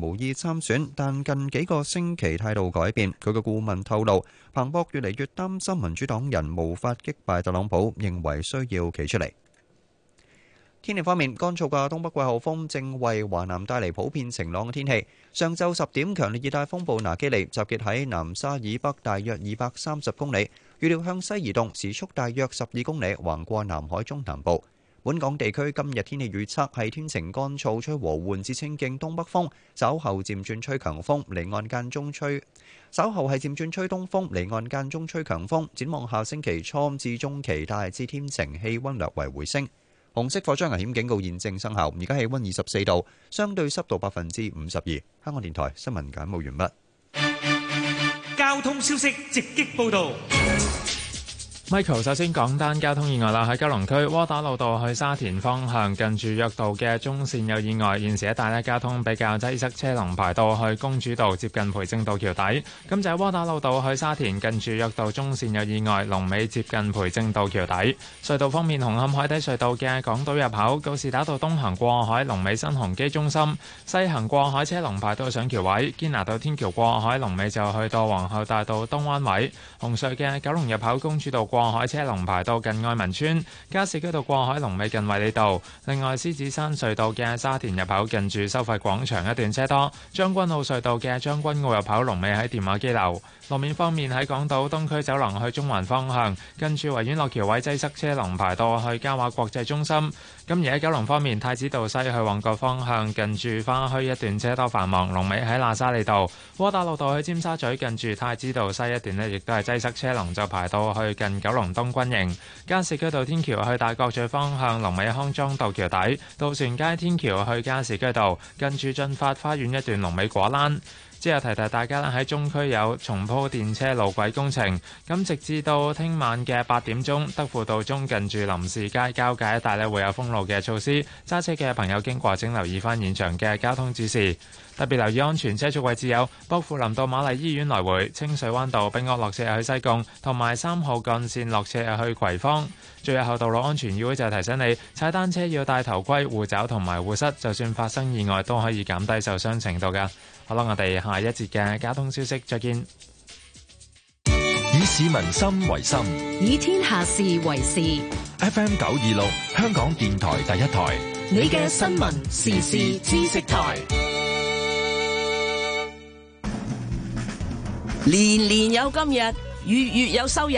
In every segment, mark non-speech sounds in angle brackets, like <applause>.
無意參選，但近幾個星期態度改變。佢嘅顧問透露，彭博越嚟越擔心民主黨人無法擊敗特朗普，認為需要企出嚟。天氣方面，乾燥嘅東北季候風正為華南帶嚟普遍晴朗嘅天氣。上晝十點，強烈熱帶風暴拿基利集結喺南沙以北大約二百三十公里，預料向西移動，時速大約十二公里，橫過南海中南部。本港地區今日天氣預測係天晴乾燥，吹和緩至清勁東北風，稍後漸轉吹強風，離岸間中吹，稍後係漸轉吹東風，離岸間中吹強風。展望下星期初至中期，大致天晴，氣溫略為回升。紅色火災危險警告現正生效。而家氣溫二十四度，相對濕度百分之五十二。香港電台新聞簡報完畢。交通消息直擊報道。Michael 首先講單交通意外啦，喺九龍區窩打老道去沙田方向，近住約道嘅中線有意外，現時一帶呢，交通比較擠塞，車龍排到去公主道接近培正道橋底。咁就喺窩打老道去沙田，近住約道中線有意外，龍尾接近培正道橋底。隧道方面，紅磡海底隧道嘅港島入口告士打道東行過海，龍尾新鴻基中心；西行過海，車龍排到上橋位。堅拿道天橋過海，龍尾就去到皇后大道東彎位。紅隧嘅九龍入口公主道過過海車龍排到近愛民村加士居道過海龍尾近衛理道。另外，獅子山隧道嘅沙田入口近住收費廣場一段車多。將軍澳隧道嘅將軍澳入口龍尾喺電話機樓。路面方面，喺港島東區走廊去中環方向，近住維園落橋位擠塞，車龍排到去嘉華國際中心。今日喺九龍方面，太子道西去旺角方向，近住花墟一段車多繁忙，龍尾喺喇沙利道；窩打老道去尖沙咀，近住太子道西一段呢，亦都係擠塞車龍，就排到去近九龍東軍營；加士居道天橋去大角咀方向，龍尾康莊道橋底；渡船街天橋去加士居道，近住進發花園一段，龍尾果欄。之後提提大家啦，喺中區有重鋪電車路軌工程咁，直至到聽晚嘅八點鐘，德輔道中近住林士街交界一帶，大呢會有封路嘅措施。揸車嘅朋友經過請留意翻現場嘅交通指示，特別留意安全車速位置有薄扶林道瑪麗醫院來回、清水灣道、兵鶴落斜去西貢，同埋三號幹線落斜去葵芳。最後道路安全議會就提醒你踩單車要戴頭盔、護肘同埋護膝，就算發生意外都可以減低受傷程度㗎。好啦，我哋下一節嘅交通消息再見。以市民心為心，以天下事為事。FM 九二六，香港電台第一台，你嘅新聞時事知識台。年年有今日，月月有收入。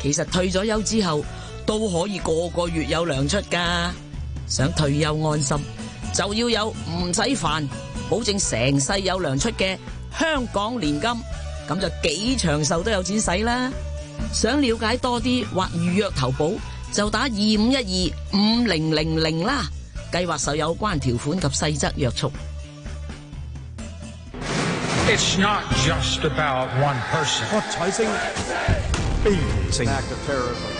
其實退咗休之後，都可以個個月有糧出㗎。想退休安心，就要有唔使煩。保證成世有糧出嘅香港年金，咁就幾長壽都有錢使啦。想了解多啲或預約投保，就打二五一二五零零零啦。計劃受有關條款及細則約束。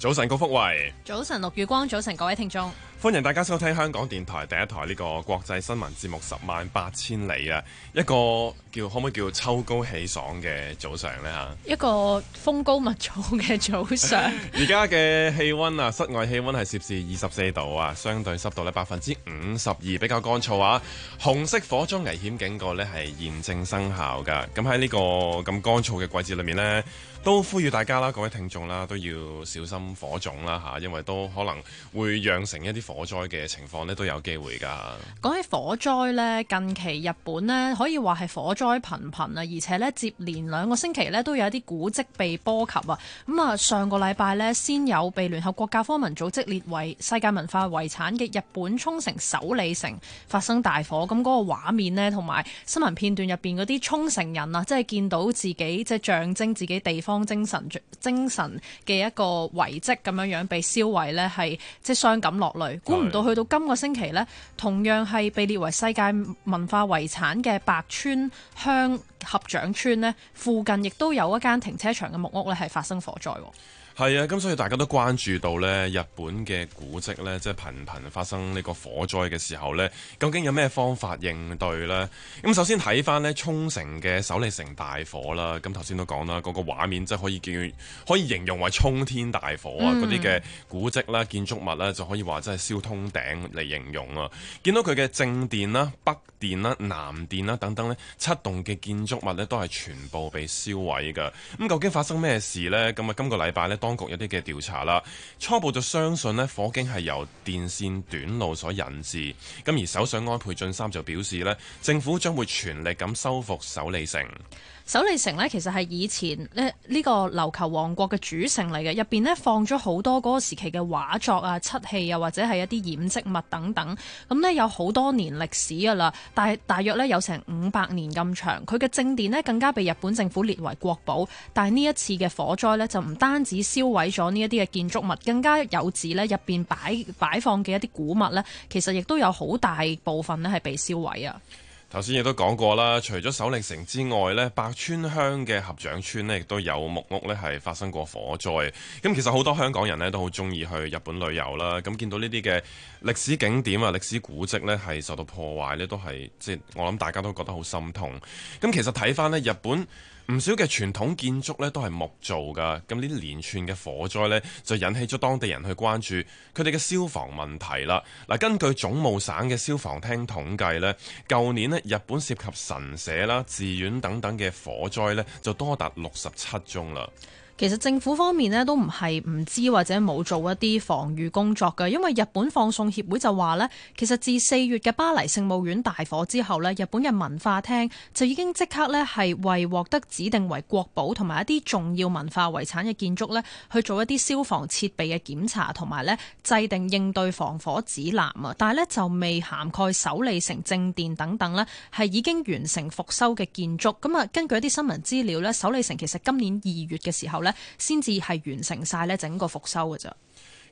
早晨，高福慧。早晨，陸月光。早晨，各位聽眾，歡迎大家收聽香港電台第一台呢個國際新聞節目《十萬八千里》啊！一個叫可唔可以叫秋高氣爽嘅早上呢？吓，一個風高物燥嘅早上。而家嘅氣溫啊，室外氣溫係攝氏二十四度啊，相對濕度呢百分之五十二，比較乾燥啊。紅色火災危險警告呢係現正生效噶。咁喺呢個咁乾燥嘅季節裏面呢。都呼籲大家啦，各位聽眾啦，都要小心火種啦嚇，因為都可能會釀成一啲火災嘅情況咧，都有機會噶。講起火災呢，近期日本呢可以話係火災頻頻啊，而且呢接連兩個星期呢都有一啲古蹟被波及啊。咁、嗯、啊，上個禮拜呢先有被聯合國教科文組織列為世界文化遺產嘅日本沖繩首里城發生大火，咁、嗯、嗰、那個畫面呢，同埋新聞片段入邊嗰啲沖繩人啊，即係見到自己即係象徵自己地方。當精神、精神嘅一個遺迹咁樣樣被燒毀呢，係即係傷感落淚。估唔到去到今個星期呢，同樣係被列為世界文化遺產嘅白川鄉。合掌村咧附近亦都有一間停車場嘅木屋咧，係發生火災、哦。係啊，咁所以大家都關注到咧，日本嘅古跡咧，即係頻頻發生呢個火災嘅時候咧，究竟有咩方法應對呢？咁首先睇翻咧沖繩嘅首里城大火啦，咁頭先都講啦，嗰、嗰個畫面即係可以叫可以形容為沖天大火啊！嗰啲嘅古跡啦、建築物呢，就可以話即係燒通頂嚟形容啊。見到佢嘅正殿啦、北殿啦、南殿啦等等咧七棟嘅建築物呢都係全部被燒毀嘅。咁、嗯，究竟發生咩事呢？咁、嗯、啊，今個禮拜呢，當局有啲嘅調查啦。初步就相信呢，火警係由電線短路所引致。咁而首相安倍晉三就表示呢，政府將會全力咁修復首里城。首里城呢，其實係以前咧呢個琉球王國嘅主城嚟嘅，入邊呢，放咗好多嗰個時期嘅畫作啊、漆器啊，或者係一啲染織物等等，咁、嗯、呢，有好多年歷史噶啦，大大約呢，有成五百年咁長。佢嘅正殿呢，更加被日本政府列為國寶，但係呢一次嘅火災呢，就唔單止燒毀咗呢一啲嘅建築物，更加有指呢入邊擺擺放嘅一啲古物呢，其實亦都有好大部分呢係被燒毀啊。頭先亦都講過啦，除咗首里城之外呢，白川鄉嘅合掌村呢亦都有木屋呢係發生過火災。咁其實好多香港人呢都好中意去日本旅遊啦。咁見到呢啲嘅歷史景點啊、歷史古蹟呢係受到破壞呢都係即係我諗大家都覺得好心痛。咁其實睇翻呢日本，唔少嘅傳統建築呢都係木造㗎，咁呢啲連串嘅火災呢，就引起咗當地人去關注佢哋嘅消防問題啦。嗱，根據總務省嘅消防廳統計呢，舊年呢日本涉及神社啦、寺院等等嘅火災呢，就多達六十七宗啦。其實政府方面呢都唔係唔知或者冇做一啲防禦工作嘅，因為日本放送協會就話呢，其實自四月嘅巴黎聖母院大火之後呢，日本嘅文化廳就已經即刻呢係為獲得指定為國寶同埋一啲重要文化遺產嘅建築呢去做一啲消防設備嘅檢查同埋呢制定應對防火指南啊，但係呢就未涵蓋首里城正殿等等呢係已經完成復修嘅建築。咁啊，根據一啲新聞資料呢首里城其實今年二月嘅時候呢。先至係完成晒咧整個復修嘅咋。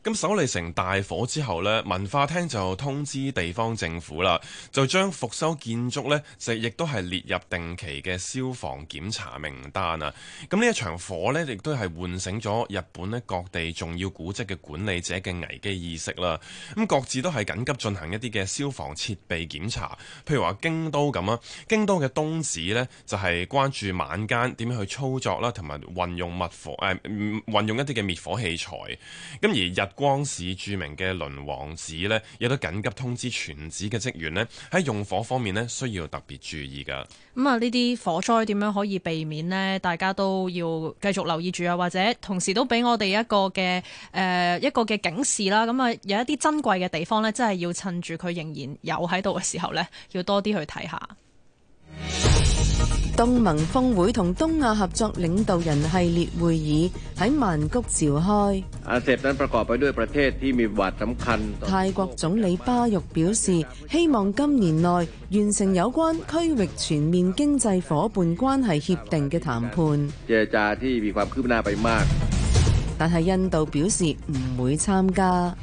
咁首里城大火之後咧，文化廳就通知地方政府啦，就將復修建築呢，就亦都係列入定期嘅消防檢查名單啊！咁呢一場火呢，亦都係喚醒咗日本咧各地重要古跡嘅管理者嘅危機意識啦。咁各自都係緊急進行一啲嘅消防設備檢查，譬如話京都咁啊，京都嘅東寺呢，就係、是、關注晚間點樣去操作啦，同埋運用滅火誒運、呃、用一啲嘅滅火器材。咁而日光市著名嘅輪王寺呢，亦都緊急通知全寺嘅職員呢，喺用火方面呢，需要特別注意㗎。咁啊、嗯，呢啲火災點樣可以避免呢？大家都要繼續留意住啊，或者同時都俾我哋一個嘅誒、呃，一個嘅警示啦。咁、嗯、啊，有一啲珍貴嘅地方呢，真係要趁住佢仍然有喺度嘅時候呢，要多啲去睇下。東盟峰會同東亞合作領導人系列會議喺曼谷召開。泰國總理巴育表示，希望今年內完成有關區域全面經濟夥伴關係協定嘅談判。但係印度表示唔會參加。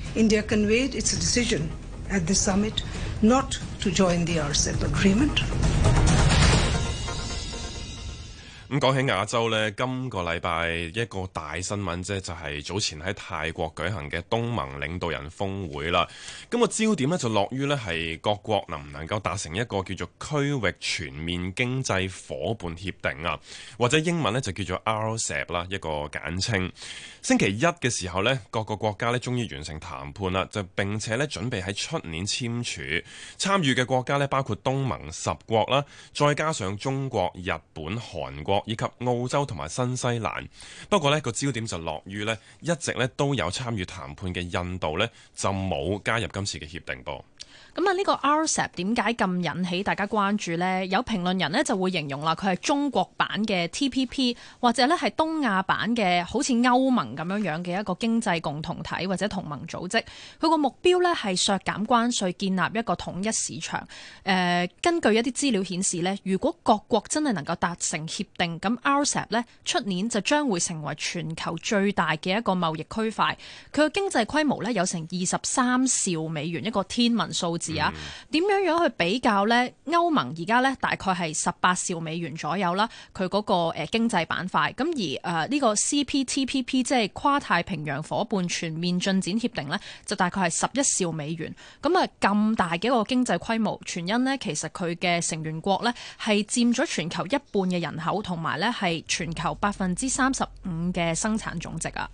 咁講起亞洲咧，今個禮拜一個大新聞啫，就係早前喺泰國舉行嘅東盟領導人峰會啦。咁、這個焦點咧就落於咧係各國能唔能夠達成一個叫做區域全面經濟夥伴協定啊，或者英文咧就叫做 RCEP 啦，一個簡稱。星期一嘅時候咧，各個國家咧終於完成談判啦，就並且咧準備喺出年簽署。參與嘅國家咧包括東盟十國啦，再加上中國、日本、韓國。以及澳洲同埋新西蘭。不過呢個焦點就落於呢，一直呢都有參與談判嘅印度呢，就冇加入今次嘅協定噃。咁啊，呢個 RCEP 點解咁引起大家關注咧？有評論人咧就會形容啦，佢係中國版嘅 TPP，或者咧係東亞版嘅，好似歐盟咁樣樣嘅一個經濟共同體或者同盟組織，佢個目標咧係削減關稅，建立一個統一市場。誒、呃、根據一啲資料顯示咧，如果各國真係能夠達成協定，咁 RCEP 咧出年就將會成為全球最大嘅一個貿易區塊，佢嘅經濟規模咧有成二十三兆美元，一個天文數字。啊，點樣、嗯、樣去比較呢？歐盟而家咧大概係十八兆美元左右啦，佢嗰個誒經濟板塊。咁而誒呢個 CPTPP 即係跨太平洋伙伴全面進展協定呢，就大概係十一兆美元。咁啊咁大嘅一個經濟規模，全因呢其實佢嘅成員國呢係佔咗全球一半嘅人口，同埋呢係全球百分之三十五嘅生產總值啊！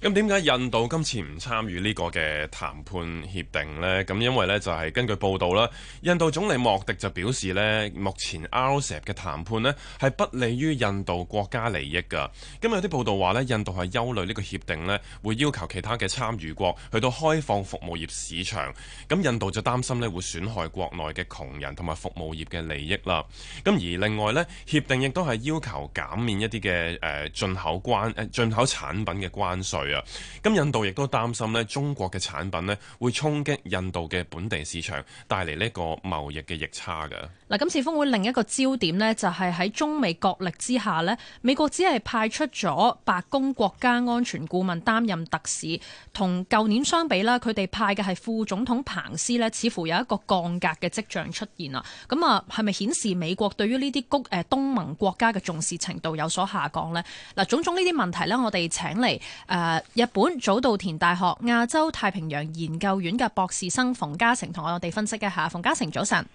咁點解印度今次唔參與呢個嘅談判協定呢？咁因為呢，就係根據報道啦，印度總理莫迪就表示呢，目前 RCEP 嘅談判呢，係不利於印度國家利益㗎。今日有啲報道話呢，印度係憂慮呢個協定呢會要求其他嘅參與國去到開放服務業市場，咁印度就擔心呢會損害國內嘅窮人同埋服務業嘅利益啦。咁而另外呢，協定亦都係要求減免一啲嘅誒進口關誒、呃、進口產品嘅關稅。啊，咁印度亦都擔心咧，中國嘅產品咧會衝擊印度嘅本地市場，帶嚟呢個貿易嘅逆差㗎。嗱，今次峰會另一個焦點呢，就係喺中美角力之下呢，美國只係派出咗白宮國家安全顧問擔任特使，同舊年相比咧，佢哋派嘅係副總統彭斯呢，似乎有一個降格嘅跡象出現啦。咁、嗯、啊，係咪顯示美國對於呢啲谷誒東盟國家嘅重視程度有所下降呢？嗱，種種呢啲問題呢，我哋請嚟誒、呃、日本早稻田大學亞洲太平洋研究院嘅博士生馮嘉誠同我哋分析一下。馮嘉誠，早晨。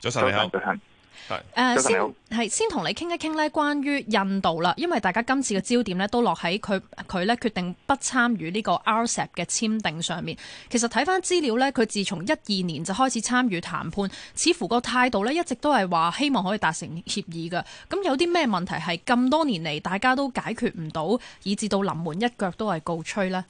早晨你好，係誒，先係先同你傾一傾咧，關於印度啦，因為大家今次嘅焦點咧都落喺佢佢咧決定不參與呢個 RCEP 嘅簽訂上面。其實睇翻資料咧，佢自從一二年就開始參與談判，似乎個態度咧一直都係話希望可以達成協議嘅。咁有啲咩問題係咁多年嚟大家都解決唔到，以至到臨門一腳都係告吹咧？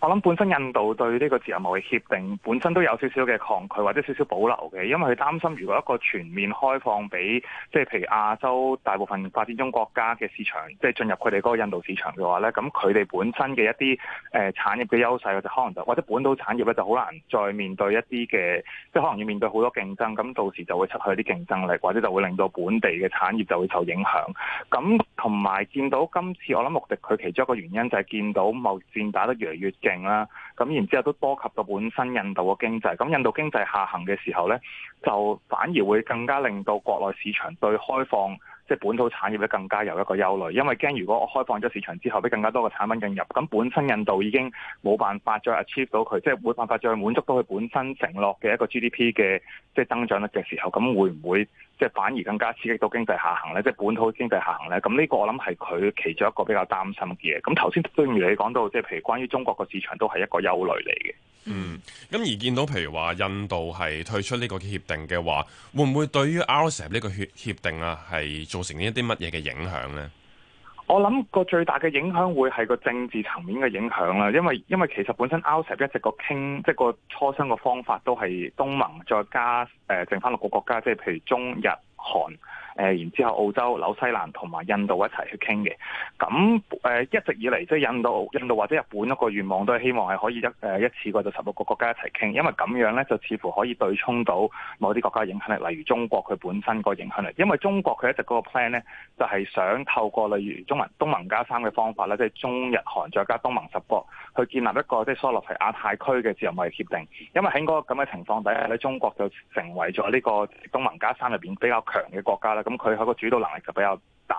我諗本身印度對呢個自由貿易協定本身都有少少嘅抗拒或者少少保留嘅，因為佢擔心如果一個全面開放俾即係譬如亞洲大部分發展中國家嘅市場，即係進入佢哋嗰個印度市場嘅話咧，咁佢哋本身嘅一啲誒產業嘅優勢，就可能就或者本土產業咧就好難再面對一啲嘅即係可能要面對好多競爭，咁到時就會失去啲競爭力，或者就會令到本地嘅產業就會受影響。咁同埋見到今次我諗目的，佢其中一個原因就係見到貿易戰打得越嚟越定啦，咁、嗯、然之後都波及到本身印度嘅經濟。咁、嗯、印度經濟下行嘅時候咧，就反而會更加令到國內市場對開放。即係本土產業咧更加有一個憂慮，因為驚如果我開放咗市場之後，俾更加多嘅產品進入，咁本身印度已經冇辦法再 achieve 到佢，即係冇辦法再滿足到佢本身承諾嘅一個 GDP 嘅即係增長率嘅時候，咁會唔會即係反而更加刺激到經濟下行咧？即係本土經濟下行咧？咁呢個我諗係佢其中一個比較擔心嘅嘢。咁頭先正如你講到，即係譬如關於中國個市場都係一個憂慮嚟嘅。嗯，咁而見到譬如話印度係退出呢個協定嘅話，會唔會對於 RCEP 呢個協協定啊係，造成一啲乜嘢嘅影響咧？我諗個最大嘅影響會係個政治層面嘅影響啦，因為因為其實本身 RCEP 一直個傾，即係個磋商嘅方法都係東盟再加誒、呃、剩翻六個國家，即係譬如中日韓。誒，然之後澳洲、紐西蘭同埋印度一齊去傾嘅，咁誒、呃、一直以嚟即係印度、印度或者日本一個願望都係希望係可以一誒一次過到十六個國家一齊傾，因為咁樣咧就似乎可以對沖到某啲國家嘅影響力，例如中國佢本身個影響力，因為中國佢一直嗰個 plan 咧就係、是、想透過例如中盟東盟加三嘅方法咧，即係中日韓再加東盟十國去建立一個即係所謂係亞太區嘅自由貿易協定，因為喺嗰、那個咁嘅情況底下咧，中國就成為咗呢個東盟加三入邊比較強嘅國家啦。咁佢係個主導能力就比較大，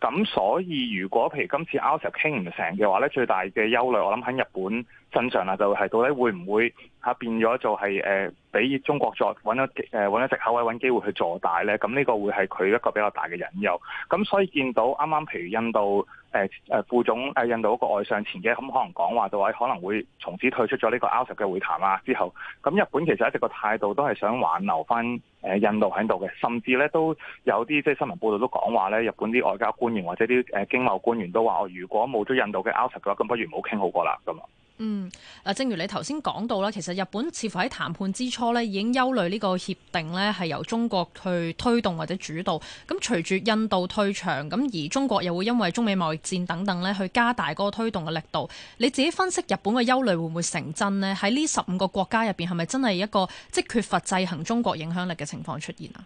咁所以如果譬如今次歐洲傾唔成嘅話咧，最大嘅憂慮我諗喺日本身上啊，就係到底會唔會吓變咗就係。誒、呃？俾中國在揾咗誒揾咗食口位揾機會去做大咧，咁、這、呢個會係佢一個比較大嘅引誘。咁所以見到啱啱譬如印度誒誒、呃、副總誒、呃、印度一個外相前嘅咁、嗯、可能講話就話可能會從此退出咗呢個 RCEP 嘅會談啊。之後咁、嗯、日本其實一直個態度都係想挽留翻誒印度喺度嘅，甚至咧都有啲即係新聞報道都講話咧，日本啲外交官員或者啲誒、呃、經貿官員都話：我如果冇咗印度嘅 RCEP 嘅話，咁不如唔好傾好過啦咁嗯，嗱，正如你頭先講到啦，其實日本似乎喺談判之初咧已經憂慮呢個協定咧係由中國去推動或者主導。咁隨住印度退場，咁而中國又會因為中美貿易戰等等咧去加大嗰個推動嘅力度。你自己分析日本嘅憂慮會唔會成真呢？喺呢十五個國家入邊，係咪真係一個即缺乏制衡中國影響力嘅情況出現啊？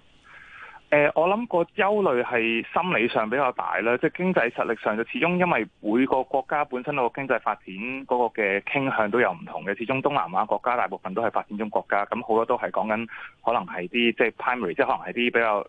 誒、呃，我諗個憂慮係心理上比較大啦，即係經濟實力上就始終因為每個國家本身個經濟發展嗰個嘅傾向都有唔同嘅，始終東南亞國家大部分都係發展中國家，咁好多都係講緊可能係啲即係 primary，即係可能係啲比較誒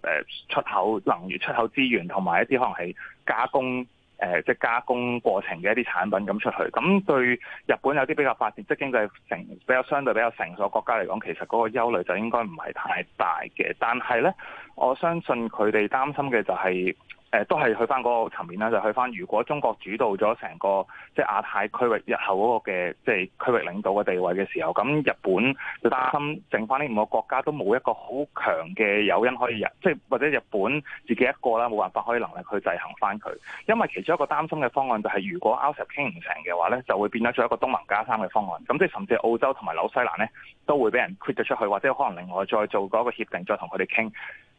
出口能源、出口資源同埋一啲可能係加工。誒、呃，即係加工過程嘅一啲產品咁出去，咁對日本有啲比較發展，即係經濟成比較相對比較成熟嘅國家嚟講，其實嗰個憂慮就應該唔係太大嘅。但係呢，我相信佢哋擔心嘅就係、是。誒都係去翻嗰個層面啦，就去、是、翻如果中國主導咗成個即係、就是、亞太區域日後嗰、那個嘅即係區域領導嘅地位嘅時候，咁日本就擔心剩翻呢五個國家都冇一個好強嘅誘因可以日，即、就、係、是、或者日本自己一個啦，冇辦法可以能力去制衡翻佢。因為其中一個擔心嘅方案就係、是，如果 RCEP 傾唔成嘅話咧，就會變咗做一個東盟加三嘅方案。咁即係甚至澳洲同埋紐西蘭咧，都會俾人 exclude 出去，或者可能另外再做嗰個協定，再同佢哋傾。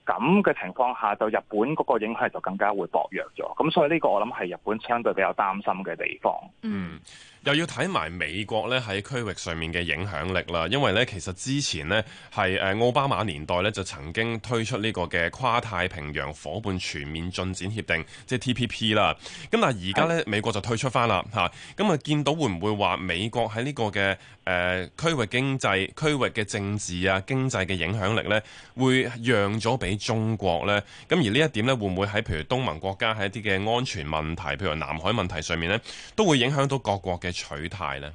咁嘅情況下，就日本嗰個影響就更加會薄弱咗。咁所以呢個我諗係日本相對比較擔心嘅地方。嗯。又要睇埋美國咧，喺區域上面嘅影響力啦，因為咧其實之前咧係誒奧巴馬年代咧，就曾經推出呢個嘅跨太平洋夥伴全面進展協定，即係 TPP 啦。咁但係而家咧美國就退出翻啦吓，咁、嗯、啊，見到會唔會話美國喺呢個嘅誒區域經濟區域嘅政治啊、經濟嘅影響力咧，會讓咗俾中國咧？咁而呢一點咧，會唔會喺譬如東盟國家喺一啲嘅安全問題，譬如南海問題上面咧，都會影響到各國嘅？取態咧，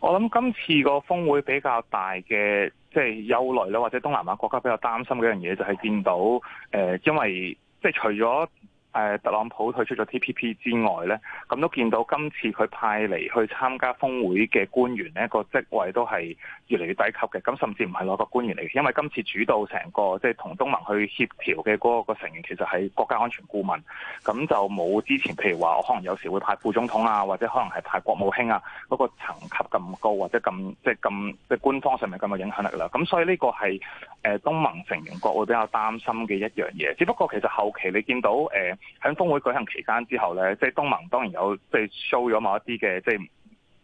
我諗今次個峰會比較大嘅，即係憂慮咧，或者東南亞國家比較擔心嘅一樣嘢，就係、是、見到誒、呃，因為即係除咗。誒特朗普退出咗 TPP 之外咧，咁都見到今次佢派嚟去參加峰會嘅官員咧，個職位都係越嚟越低級嘅。咁甚至唔係攞個官員嚟，因為今次主導成個即係同東盟去協調嘅嗰個個成員其實係國家安全顧問，咁就冇之前譬如話我可能有時會派副總統啊，或者可能係派國務卿啊，嗰個層級咁高或者咁即係咁即係官方上面咁嘅影響力啦。咁所以呢個係誒東盟成員國會比較擔心嘅一樣嘢。只不過其實後期你見到誒。呃喺峰會舉行期間之後咧，即係東盟當然有即係 show 咗某一啲嘅即係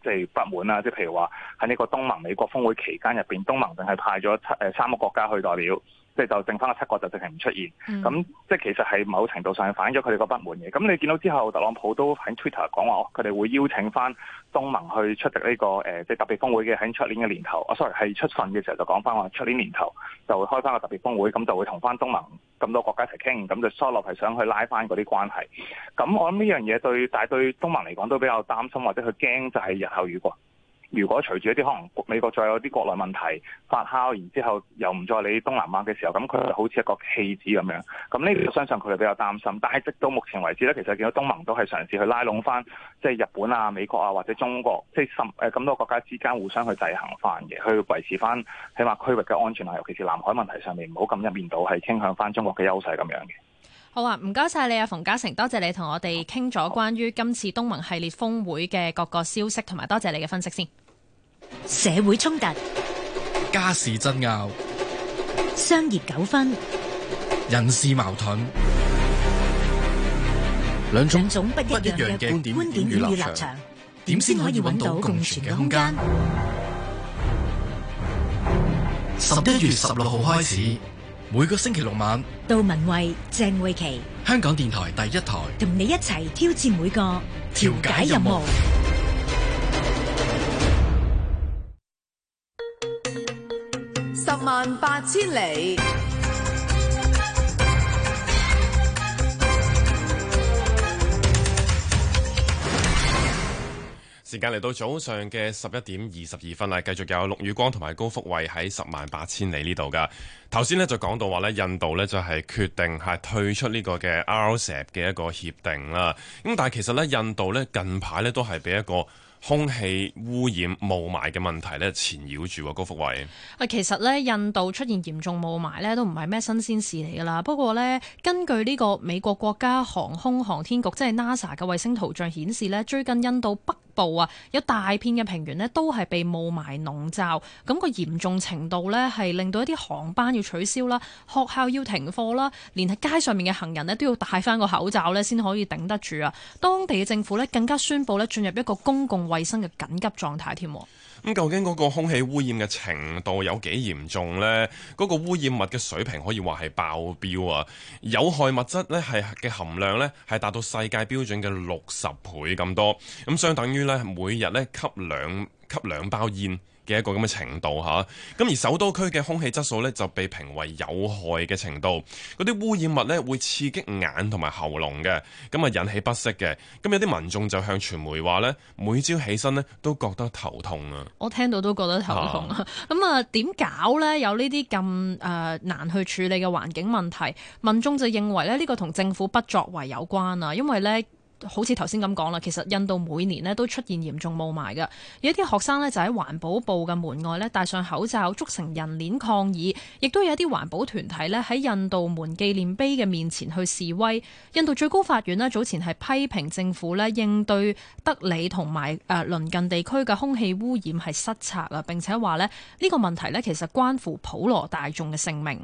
即係不滿啊。即係譬如話喺呢個東盟美國峰會期間入邊，東盟淨係派咗七誒三個國家去代表。即係就剩翻個七國就直情唔出現，咁、嗯、即係其實係某程度上反映咗佢哋個不滿嘅。咁你見到之後，特朗普都喺 Twitter 講話，佢哋會邀請翻東盟去出席呢、呢個誒、呃，即係特別峰會嘅喺出年嘅年頭。啊、哦，sorry，係出信嘅時候就講翻話出年年頭就會開翻個特別峰會，咁就會同翻東盟咁多國家一齊傾，咁就 s 嘗試係想去拉翻嗰啲關係。咁我諗呢樣嘢對大對東盟嚟講都比較擔心，或者佢驚就係日後雨過。如果隨住一啲可能美國再有啲國內問題發酵，然之後又唔再理東南亞嘅時候，咁佢就好似一個棄子咁樣。咁呢個相信佢哋比較擔心。但係，直到目前為止咧，其實見到東盟都係嘗試去拉攏翻即係日本啊、美國啊或者中國，即係十誒咁多國家之間互相去制衡翻嘅，去維持翻起碼區域嘅安全啊，尤其是南海問題上面，唔好咁一面倒，係傾向翻中國嘅優勢咁樣嘅。好啊，唔該晒你啊，馮嘉誠，多謝你同我哋傾咗關於今次東盟系列峰會嘅各個消息，同埋多謝你嘅分析先。社會衝突、家事爭拗、商業糾紛、人事矛盾，兩種不一樣的觀點觀點與立場，點先可以揾到共存嘅空間？十一月十六號開始，每個星期六晚，杜文慧、鄭慧琪，香港電台第一台，同你一齊挑戰每個調解任務。八千里。時間嚟到早上嘅十一點二十二分啦，繼續有陸宇光同埋高福慧喺十萬八千里呢度噶。頭先咧就講到話咧，印度呢就係決定係退出呢個嘅 RCEP 嘅一個協定啦。咁但係其實呢，印度呢近排呢都係俾一個空氣污染、霧霾嘅問題咧纏繞住。高福偉，啊，其實呢，印度出現嚴重霧霾呢都唔係咩新鮮事嚟㗎啦。不過呢，根據呢個美國國家航空航天局，即係 NASA 嘅衛星圖像顯示呢，最近印度北部啊有大片嘅平原呢都係被霧霾籠罩，咁個嚴重程度呢係令到一啲航班要取消啦，學校要停課啦，連喺街上面嘅行人咧都要戴翻個口罩咧，先可以頂得住啊！當地嘅政府咧更加宣布咧進入一個公共衛生嘅緊急狀態添。咁究竟嗰個空氣污染嘅程度有幾嚴重呢？嗰個污染物嘅水平可以話係爆表啊！有害物質咧係嘅含量咧係達到世界標準嘅六十倍咁多，咁相等於咧每日咧吸兩吸兩包煙。嘅一個咁嘅程度嚇，咁而首都區嘅空氣質素呢就被評為有害嘅程度，嗰啲污染物呢會刺激眼同埋喉嚨嘅，咁啊引起不適嘅，咁有啲民眾就向傳媒話呢，每朝起身呢都覺得頭痛啊。我聽到都覺得頭痛啊，咁啊點搞呢？有呢啲咁誒難去處理嘅環境問題，民眾就認為呢呢個同政府不作為有關啊，因為呢。好似頭先咁講啦，其實印度每年呢都出現嚴重霧霾㗎，有一啲學生呢就喺環保部嘅門外呢戴上口罩，組成人鏈抗議；亦都有一啲環保團體呢喺印度門紀念碑嘅面前去示威。印度最高法院呢早前係批評政府呢應對德里同埋誒鄰近地區嘅空氣污染係失策啊，並且話呢，呢個問題呢其實關乎普羅大眾嘅性命。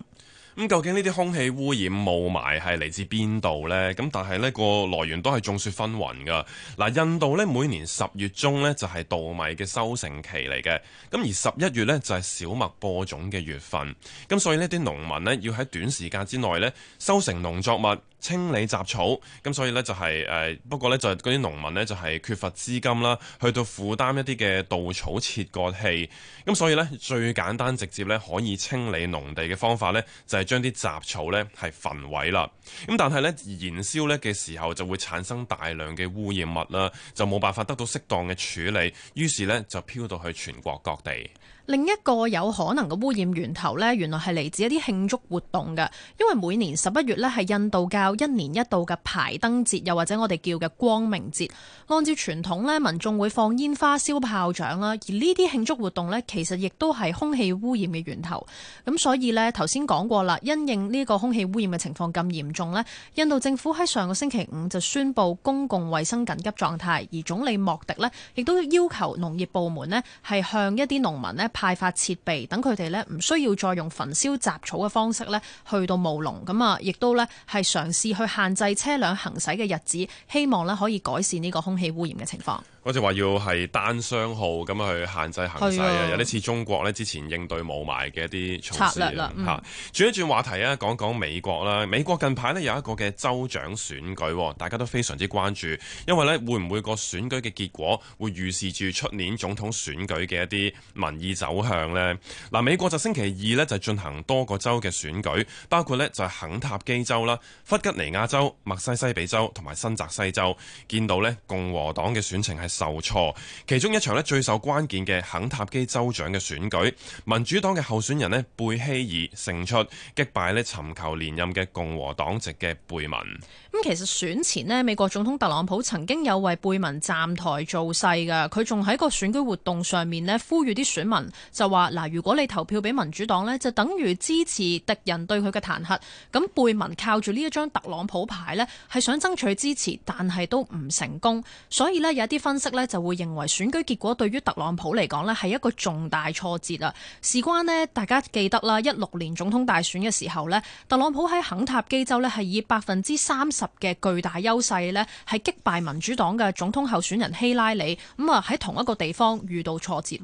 咁究竟呢啲空氣污染霧霾係嚟自邊度呢？咁但係呢個來源都係眾說紛紜㗎。嗱，印度呢每年十月中呢就係稻米嘅收成期嚟嘅，咁而十一月呢就係小麥播種嘅月份，咁所以呢啲農民呢要喺短時間之內呢收成農作物。清理雜草，咁所以呢、就係，就係誒不過呢，就嗰啲農民呢，就係缺乏資金啦，去到負擔一啲嘅稻草切割器。咁所以呢，最簡單直接呢，可以清理農地嘅方法呢，就係將啲雜草呢係焚毀啦。咁但係呢，燃燒呢嘅時候就會產生大量嘅污染物啦，就冇辦法得到適當嘅處理，於是呢，就漂到去全國各地。另一個有可能嘅污染源頭呢，原來係嚟自一啲慶祝活動嘅，因為每年十一月呢，係印度教一年一度嘅排燈節，又或者我哋叫嘅光明節。按照傳統呢，民眾會放煙花、燒炮仗啦，而呢啲慶祝活動呢，其實亦都係空氣污染嘅源頭。咁所以呢，頭先講過啦，因應呢個空氣污染嘅情況咁嚴重呢，印度政府喺上個星期五就宣布公共衛生緊急狀態，而總理莫迪呢，亦都要求農業部門呢，係向一啲農民咧。派發設備等佢哋呢，唔需要再用焚燒雜草嘅方式呢去到務農咁啊，亦都呢係嘗試去限制車輛行駛嘅日子，希望呢可以改善呢個空氣污染嘅情況。好似話要係單雙號咁去限制行駛啊，有啲似中國呢之前應對霧霾嘅一啲策略啦、嗯、轉一轉話題啊，講講美國啦。美國近排呢有一個嘅州長選舉，大家都非常之關注，因為呢會唔會個選舉嘅結果會預示住出年總統選舉嘅一啲民意集？走向呢，嗱，美國就星期二呢，就進行多個州嘅選舉，包括呢就肯塔基州啦、弗吉尼亞州、密西西比州同埋新澤西州，見到呢共和黨嘅選情係受挫，其中一場呢最受關鍵嘅肯塔基州長嘅選舉，民主黨嘅候選人呢貝希爾勝出，擊敗呢尋求連任嘅共和黨籍嘅貝文。咁其實選前呢美國總統特朗普曾經有為貝文站台造勢，噶佢仲喺個選舉活動上面呢呼籲啲選民。就話嗱，如果你投票俾民主黨呢，就等於支持敵人對佢嘅彈劾。咁貝文靠住呢一張特朗普牌呢，係想爭取支持，但係都唔成功。所以呢，有一啲分析呢，就會認為選舉結果對於特朗普嚟講呢，係一個重大挫折啦。事關呢，大家記得啦，一六年總統大選嘅時候呢，特朗普喺肯塔基州呢，係以百分之三十嘅巨大優勢呢，係擊敗民主黨嘅總統候選人希拉里，咁啊喺同一個地方遇到挫折。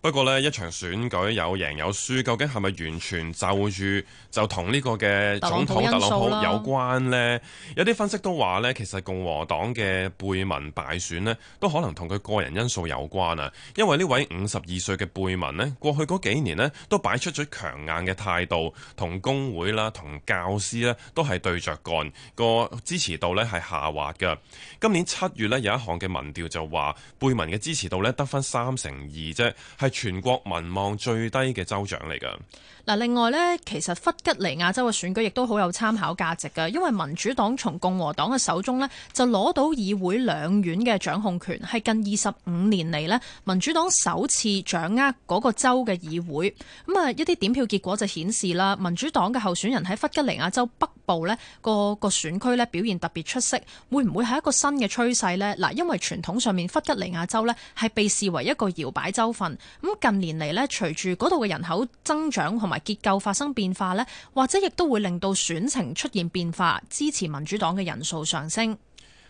不過呢一場選舉有贏有輸，究竟係咪完全就住就同呢個嘅總統特朗普有關呢？有啲分析都話呢其實共和黨嘅貝文敗選呢，都可能同佢個人因素有關啊。因為呢位五十二歲嘅貝文呢，過去嗰幾年呢，都擺出咗強硬嘅態度，同工會啦、同教師呢，都係對着幹，個支持度呢，係下滑嘅。今年七月呢，有一項嘅民調就話，貝文嘅支持度呢，得返三成二啫。係全國民望最低嘅州長嚟噶。嗱,另外呢，其實弗吉尼亞州嘅選舉亦都好有參考價值噶因為民主黨從共和黨嘅手中呢，就攞到議會兩院嘅掌控權，係近二十五年嚟呢，民主黨首次掌握嗰個州嘅議會。咁啊，一啲點票結果就顯示啦，民主黨嘅候選人喺弗吉尼亞州北部呢個個選區呢，表現特別出色，會唔會係一個新嘅趨勢呢？嗱，因為傳統上面弗吉尼亞州呢係被視為一個搖擺州份。咁近年嚟咧，隨住嗰度嘅人口增長同埋結構發生變化咧，或者亦都會令到選情出現變化，支持民主黨嘅人數上升。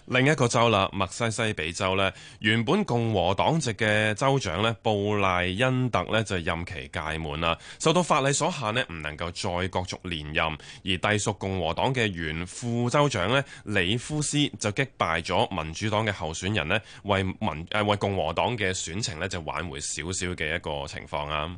另一個州啦，密西西比州呢，原本共和黨籍嘅州長咧，布賴恩特呢，就任期屆滿啦，受到法例所限呢，唔能夠再角逐連任，而隸屬共和黨嘅原副州長呢，里夫斯就擊敗咗民主黨嘅候選人呢，為民誒為共和黨嘅選情呢，就挽回少少嘅一個情況啊。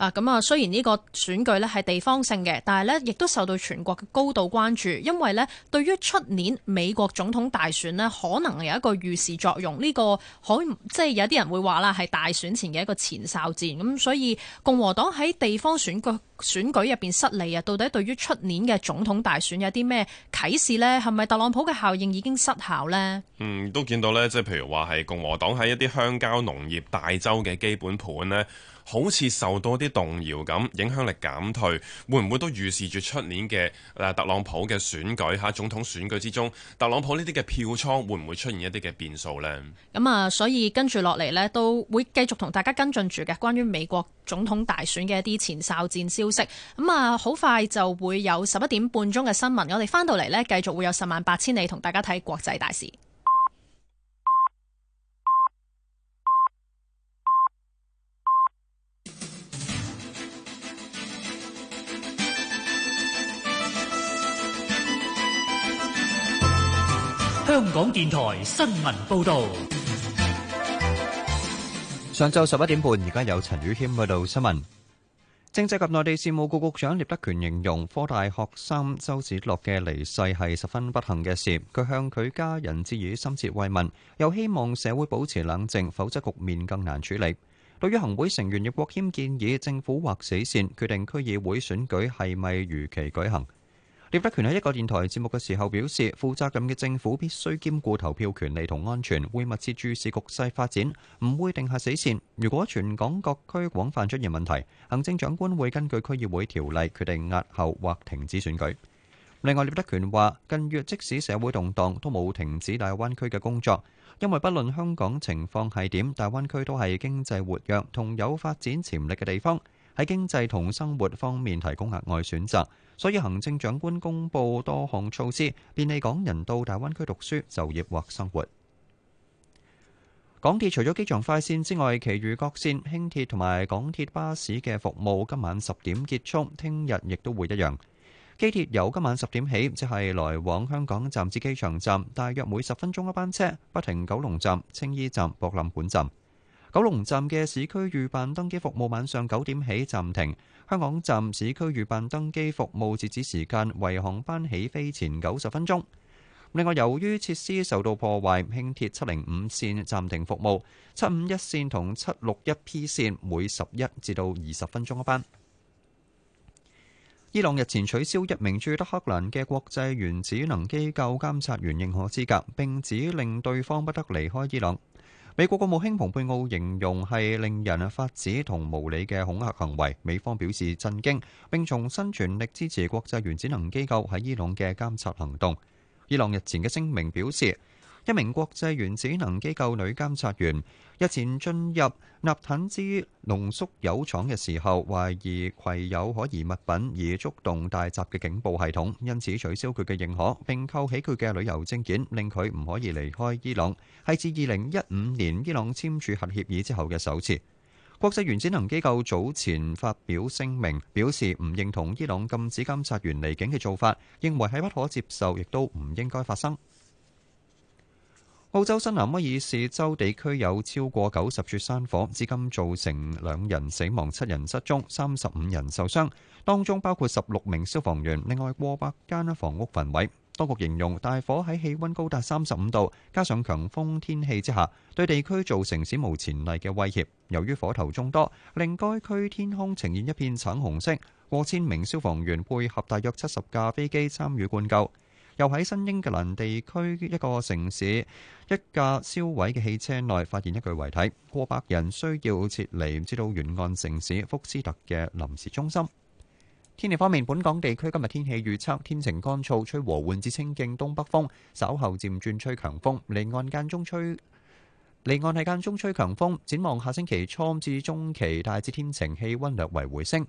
啊，咁啊，雖然呢個選舉咧係地方性嘅，但係呢亦都受到全國嘅高度關注，因為咧對於出年美國總統大選咧，可能係有一個預示作用。呢、這個可即係有啲人會話啦，係大選前嘅一個前哨戰。咁、嗯、所以共和黨喺地方選舉選舉入邊失利啊，到底對於出年嘅總統大選有啲咩啟示呢？係咪特朗普嘅效應已經失效呢？嗯，都見到呢，即係譬如話係共和黨喺一啲鄉郊農業大州嘅基本盤呢。好似受到啲動搖咁，影響力減退，會唔會都預示住出年嘅誒特朗普嘅選舉吓總統選舉之中，特朗普呢啲嘅票倉會唔會出現一啲嘅變數呢？咁啊、嗯，所以跟住落嚟呢，都會繼續同大家跟進住嘅關於美國總統大選嘅一啲前哨戰消息。咁、嗯、啊，好快就會有十一點半鐘嘅新聞，我哋返到嚟呢，繼續會有十萬八千里同大家睇國際大事。香港電台新聞報道：上晝十一點半，而家有陳宇謙報道新聞。政制及內地事務局局長聶德權形容科大學生周梓樂嘅離世係十分不幸嘅事，佢向佢家人致以深切慰問，又希望社會保持冷靜，否則局面更難處理。對於行會成員葉國謙建議政府劃死線，決定區議會選舉係咪如期舉行？聶德權喺一個電台節目嘅時候表示，負責任嘅政府必須兼顧投票權利同安全，會密切注視局勢發展，唔會定下死線。如果全港各區廣泛出現問題，行政長官會根據區議會條例決定押後或停止選舉。另外，聶德權話：近月即使社會動盪，都冇停止大灣區嘅工作，因為不論香港情況係點，大灣區都係經濟活躍同有發展潛力嘅地方，喺經濟同生活方面提供額外選擇。所以行政長官公布多項措施，便利港人到大灣區讀書、就業或生活。港鐵除咗機場快綫之外，其餘各綫輕鐵同埋港鐵巴士嘅服務今晚十點結束，聽日亦都會一樣。機鐵由今晚十點起即係來往香港站至機場站，大約每十分鐘一班車，不停九龍站、青衣站、博覽館站。九龍站嘅市區預辦登機服務晚上九點起暫停，香港站市區預辦登機服務截止時間為航班起飛前九十分鐘。另外，由於設施受到破壞，輕鐵七零五線暫停服務，七五一線同七六一 P 線每十一至到二十分鐘一班。伊朗日前取消一名駐德克蘭嘅國際原子能機構監察員認可資格，並指令對方不得離開伊朗。美國國務卿蓬佩奧形容係令人發指同無理嘅恐嚇行為，美方表示震驚，並重新全力支持國際原子能機構喺伊朗嘅監察行動。伊朗日前嘅聲明表示，一名國際原子能機構女監察員。日前進入納坦茲濃縮鈾廠嘅時候，懷疑攜有可疑物品而觸動大閘嘅警報系統，因此取消佢嘅認可，並扣起佢嘅旅遊證件，令佢唔可以離開伊朗。係自2015年伊朗簽署核協議之後嘅首次。國際原子能機構早前發表聲明，表示唔認同伊朗禁止監察員離境嘅做法，認為係不可接受，亦都唔應該發生。澳洲新南威爾士州地區有超過九十處山火，至今造成兩人死亡、七人失蹤，三十五人受傷，當中包括十六名消防員，另外，過百間房屋焚毀。當局形容大火喺氣溫高達三十五度，加上強風天氣之下，對地區造成史無前例嘅威脅，由於火頭眾多，令該區天空呈現一片橙紅色。過千名消防員配合大約七十架飛機參與灌救。又喺新英格蘭地區一個城市，一架燒毀嘅汽車內發現一具遺體，過百人需要撤離，唔知道沿岸城市福斯特嘅臨時中心。天氣方面，本港地區今日天，天氣預測天晴乾燥，吹和緩至清勁東北風，稍後漸轉吹強風。離岸間中吹離岸係間中吹強風。展望下星期初至中期，大致天晴，氣温略為回升。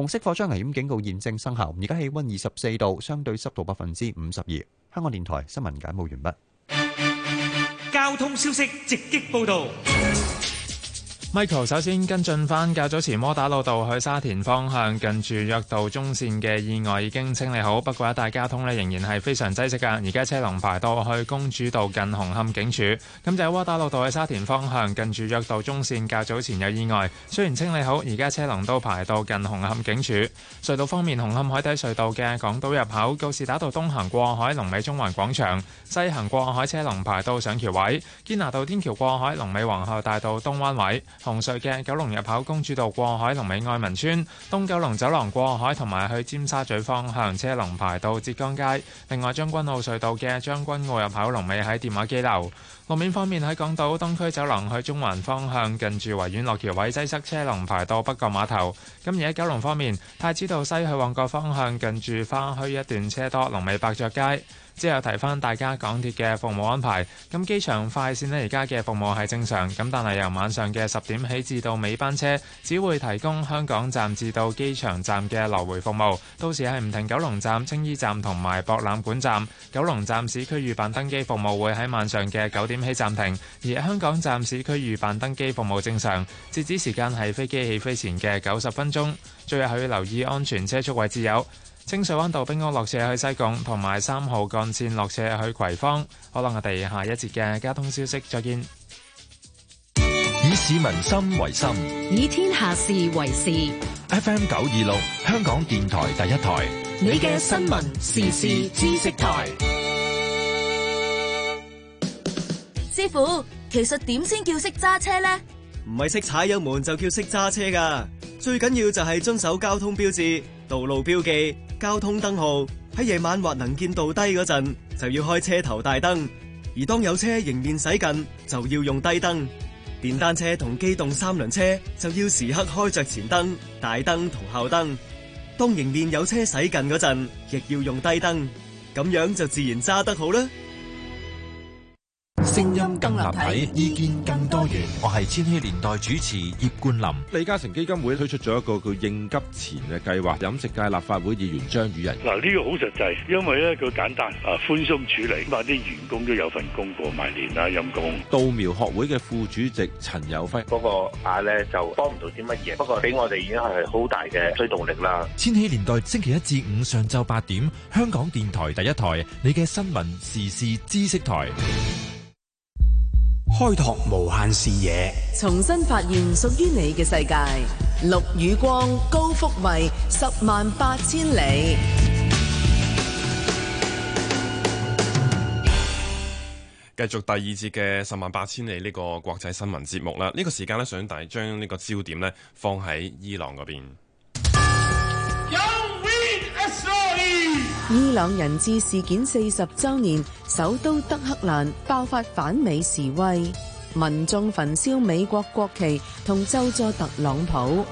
紅色火災危險警告現正生效，而家，氣溫二十四度，相對濕度百分之五十二。香港電台新聞簡報完畢。交通消息直擊報道。Michael 首先跟進返較早前窩打老道去沙田方向近住約道中線嘅意外已經清理好，不過一帶交通呢，仍然係非常擠塞㗎。而家車龍排到去公主道近紅磡警署。咁就喺窩打老道去沙田方向近住約道中線，較早前有意外，雖然清理好，而家車龍都排到近紅磡警署。隧道方面，紅磡海底隧道嘅港島入口告士打道東行過海龍尾中環廣場，西行過海車龍排到上橋位，堅拿道天橋過海龍尾皇后大道東彎位。紅隧嘅九龍入口，公主道過海龍尾愛民村東九龍走廊過海，同埋去尖沙咀方向車龍排到浙江街。另外將軍澳隧道嘅將軍澳入口龍尾喺電話機樓。路面方面，喺港島東區走廊去中環方向近住維園落橋位擠塞，車龍排到北角碼頭。今日喺九龍方面，太子道西去旺角方向近住花墟一段車多，龍尾伯爵街。之後提翻大家港鐵嘅服務安排。咁機場快線咧，而家嘅服務係正常。咁但係由晚上嘅十點起至到尾班車，只會提供香港站至到機場站嘅來回服務。到時係唔停九龍站、青衣站同埋博覽館站。九龍站市區預辦登機服務會喺晚上嘅九點起暫停，而香港站市區預辦登機服務正常，截止時間係飛機起飛前嘅九十分鐘。最後要留意安全車速位置有。清水灣道、冰工落車去西貢，同埋三號幹線落車去葵芳。好啦，我哋下一節嘅交通消息，再見。以市民心為心，以天下事為事。F M 九二六，香港電台第一台，你嘅新聞時事知識台。師傅，其實點先叫識揸車呢？唔係識踩油門就叫識揸車噶，最緊要就係遵守交通標誌、道路標記。交通燈號。喺夜晚或能見度低嗰陣就要開車頭大燈，而當有車迎面駛近就要用低燈。電單車同機動三輪車就要時刻開着前燈、大燈同後燈。當迎面有車駛近嗰陣，亦要用低燈，咁樣就自然揸得好啦。聲音更立體，意見更多元。我係千禧年代主持葉冠霖。李嘉誠基金會推出咗一個叫應急錢嘅計劃。飲食界立法會議員張宇人嗱，呢個好實際，因為呢，佢簡單啊，寬鬆處理，咁啊啲員工都有份工過埋年啦，陰功。稻苗學會嘅副主席陳友輝嗰個啊呢，就幫唔到啲乜嘢，不過俾我哋已經係好大嘅推動力啦。千禧年代星期一至五上晝八點，香港電台第一台，你嘅新聞時事知識台。開拓無限視野，重新發現屬於你嘅世界。陸宇光、高福慧，十萬八千里。繼續第二節嘅十萬八千里呢個國際新聞節目啦。呢、個時間咧，想大將呢個焦點呢，放喺伊朗嗰邊。伊朗人質事件四十周年，首都德黑蘭爆發反美示威，民眾焚燒美國國旗同咒坐特朗普。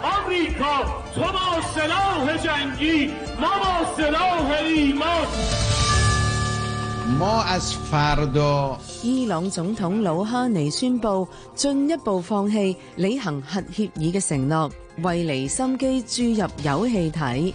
伊朗總統魯哈尼宣布進一步放棄履行核協議嘅承諾，為離心機注入有氣體。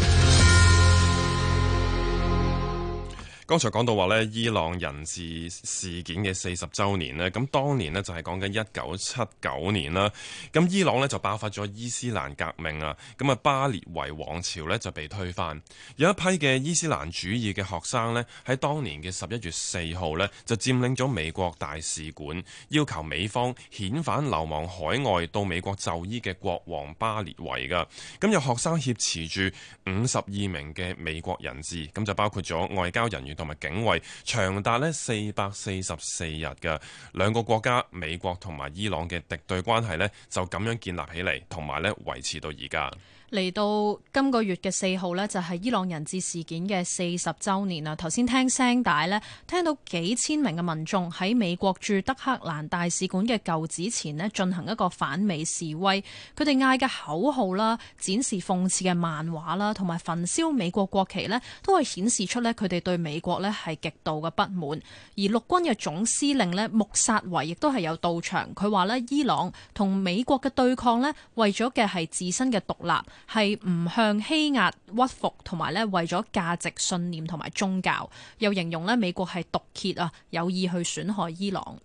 剛才講到話咧，伊朗人質事，事件嘅四十週年咧，咁當年咧就係講緊一九七九年啦，咁伊朗咧就爆發咗伊斯蘭革命啊，咁啊巴列維王朝咧就被推翻，有一批嘅伊斯蘭主義嘅學生咧喺當年嘅十一月四號咧就佔領咗美國大使館，要求美方遣返流亡海外到美國就醫嘅國王巴列維噶，咁有學生挾持住五十二名嘅美國人質，咁就包括咗外交人員。同埋警衛長達呢四百四十四日嘅兩個國家美國同埋伊朗嘅敵對關係呢，就咁樣建立起嚟，同埋呢維持到而家。嚟到今個月嘅四號呢就係、是、伊朗人質事件嘅四十週年啦。頭先聽聲帶呢聽到幾千名嘅民眾喺美國駐德黑蘭大使館嘅舊址前咧進行一個反美示威，佢哋嗌嘅口號啦、展示諷刺嘅漫畫啦，同埋焚燒美國國旗呢，都係顯示出呢佢哋對美國呢係極度嘅不滿。而陸軍嘅總司令呢，穆薩維亦都係有到場，佢話呢，伊朗同美國嘅對抗呢，為咗嘅係自身嘅獨立。係唔向欺壓屈服，同埋咧為咗價值信念同埋宗教，又形容咧美國係毒蠍啊，有意去損害伊朗。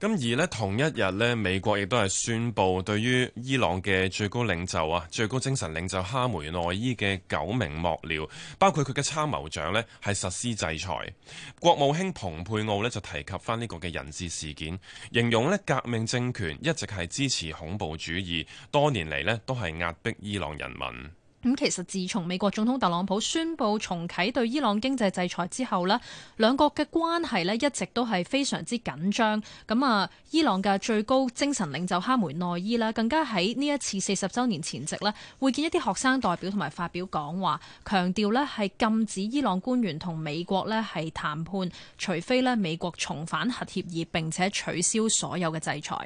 咁而咧，同一日咧，美國亦都係宣佈對於伊朗嘅最高領袖啊、最高精神領袖哈梅內伊嘅九名幕僚，包括佢嘅參謀長咧，係實施制裁。國務卿蓬佩奧咧就提及翻呢個嘅人質事件，形容咧革命政權一直係支持恐怖主義，多年嚟咧都係壓迫伊朗人民。咁其實自從美國總統特朗普宣布重啟對伊朗經濟制裁之後呢，兩國嘅關係呢一直都係非常之緊張。咁啊，伊朗嘅最高精神領袖哈梅內伊啦，更加喺呢一次四十週年前夕呢，會見一啲學生代表同埋發表講話，強調呢係禁止伊朗官員同美國呢係談判，除非呢美國重返核協議並且取消所有嘅制裁。